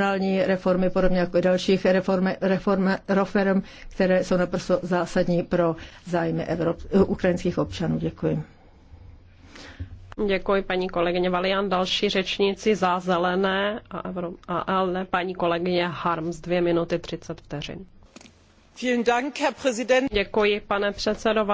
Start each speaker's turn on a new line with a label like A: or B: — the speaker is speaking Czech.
A: strukturální reformy, podobně jako i dalších reform, reform, reform které jsou naprosto zásadní pro zájmy Evrop, eh, ukrajinských občanů. Děkuji.
B: Děkuji paní kolegyně Valian. Další řečníci za zelené a, Evro, a ale paní kolegyně Harms, dvě minuty třicet vteřin.
C: Děkuji, pane předsedo.